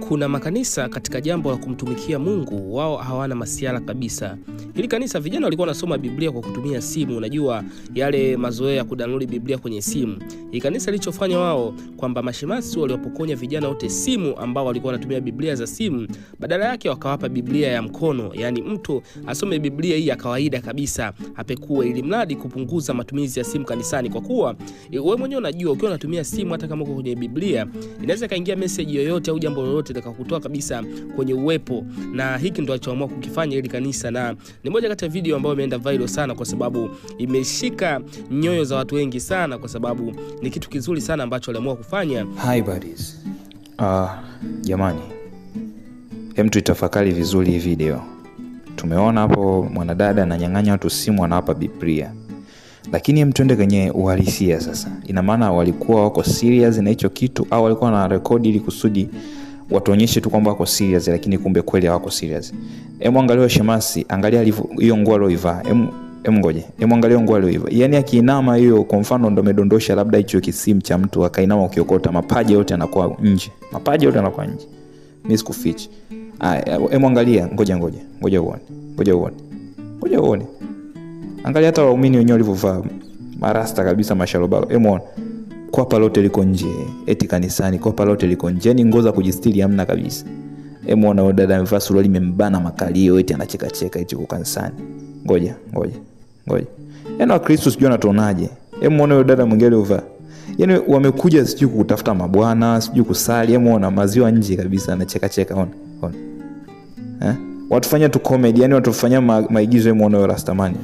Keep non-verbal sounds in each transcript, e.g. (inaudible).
Kuna makanisa katika jambo la kumtumikia Mungu wao hawana masiala kabisa. Hili kanisa vijana walikuwa wanasoma Biblia kwa kutumia simu, unajua yale mazoea ya kudanuli Biblia kwenye simu. Hili kanisa lilichofanya wao kwamba mashemasi waliopokonya vijana wote simu ambao walikuwa wanatumia Biblia za simu, badala yake wakawapa Biblia ya mkono, yani mtu asome Biblia hii ya kawaida kabisa, apekue, ili mradi kupunguza matumizi ya simu kanisani, kwa kuwa wewe mwenyewe unajua ukiwa unatumia simu hata kama uko kwenye Biblia inaweza kaingia message yoyote au jambo lolote yote likakutoa kabisa kwenye uwepo, na hiki ndo alichoamua kukifanya ili kanisa, na ni moja kati ya video ambayo imeenda viral sana kwa sababu imeshika nyoyo za watu wengi sana, kwa sababu ni kitu kizuri sana ambacho aliamua kufanya. Hi buddies. Uh, jamani, hem tuitafakari vizuri hii video. Tumeona hapo mwanadada ananyang'anya watu simu, anawapa bipria lakini mtuende kwenye uhalisia sasa. Ina maana walikuwa wako serious na hicho kitu, au walikuwa na rekodi ili kusudi watuonyeshe tu kwamba wako serious, lakini kumbe kweli hawako serious. hem angalia Shemasi, angalia hiyo nguo aliyoivaa. Hebu ngoje, hebu angalia nguo aliyoivaa, yaani akiinama hiyo, kwa mfano ndo amedondosha labda hicho kisimu cha mtu, akainama ukiokota, mapaja yote yanakuwa nje, mapaja yote yanakuwa nje. Mimi sikufichi. Hebu angalia, ngoja ngoja ngoja uone, ngoja uone, ngoja uone, angalia hata waumini wenyewe walivyovaa marasta kabisa, masharobaro. Hebu ona kopa lote liko nje, eti kanisani kopa lote liko nje, ni ngoza kujistiri amna kabisa. Emwona huyo dada amevaa suruali imembana makali hiyo eti anachekacheka eti kanisani. Ngoja ngoja ngoja, yaani Wakristo sijui anatuonaje? Emwona huyo dada mwingine aliyovaa yaani wamekuja sijui kutafuta mabwana sijui kusali, emwona maziwa nje kabisa, anachekacheka. Ona ona eh? Watufanya tu comedy, yani watufanya ma maigizo. Emwona huyo Rastamani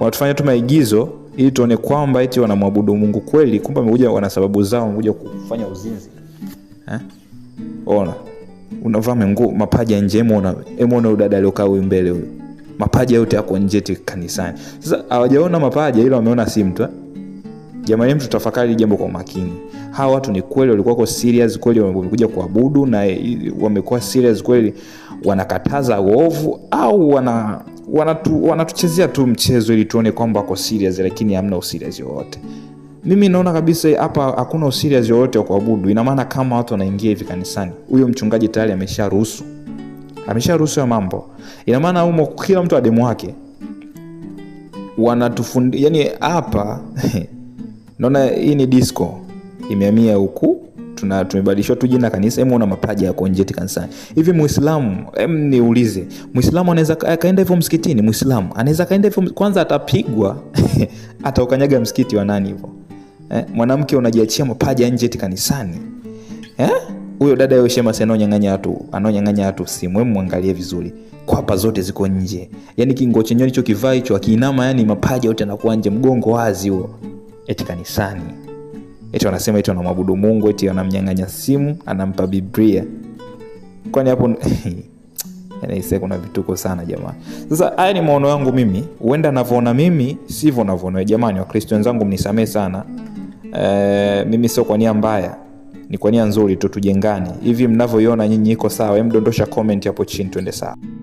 watufanya tu maigizo ili tuone kwamba eti wanamwabudu mungu kweli kumbe wamekuja wana sababu zao wamekuja kufanya uzinzi eh? ona unavaa mengu mapaja nje emona udada aliokaa huyu mbele huyu mapaja yote yako nje ti kanisani sasa hawajaona mapaja ila wameona si mtu eh? jamani mtu tafakari jambo kwa makini hawa watu ni kweli walikuwako serious kweli wamekuja kuabudu na wamekuwa serious kweli wanakataza uovu au wana wanatu, wanatuchezea tu mchezo ili tuone kwamba wako serious, lakini hamna userious wowote. Mimi naona kabisa hapa hakuna userious wowote wa kuabudu. Ina maana kama watu wanaingia hivi kanisani, huyo mchungaji tayari amesha ruhusu ya mambo, ina maana kila mtu ademu wake wanatufundi yani hapa (laughs) naona hii ni disco imeamia huku tuna tumebadilishwa tu jina kanisa, em, una mapaja ya kuonjeti kanisani. Hivi Muislamu, em, niulize, Muislamu anaweza kaenda hivyo msikitini? Muislamu anaweza kaenda hivyo? Kwanza atapigwa (laughs) ataukanyaga msikiti wa nani hivyo eh? Mwanamke unajiachia mapaja nje eti kanisani eh? huyo dada yoshemasi anaonyang'anya watu anaonyang'anya watu simu em mwangalie vizuri kwapa zote ziko nje yani kingo chenyewe licho kivaa hicho akiinama yani mapaja yote anakuwa nje mgongo wazi huo eti kanisani eti wanasema eti wanamwabudu mungu eti wanamnyang'anya simu anampa bibria kwani hapo naisa (laughs) yaani kuna vituko sana jamani sasa haya ni maono yangu mimi huenda navyoona mimi sivyo navyoona jamani wakristo wenzangu mnisamee sana e, mimi sio kwa nia mbaya ni kwa nia nzuri tu tujengane hivi mnavyoiona nyinyi iko sawa hemdondosha comment hapo chini tuende sawa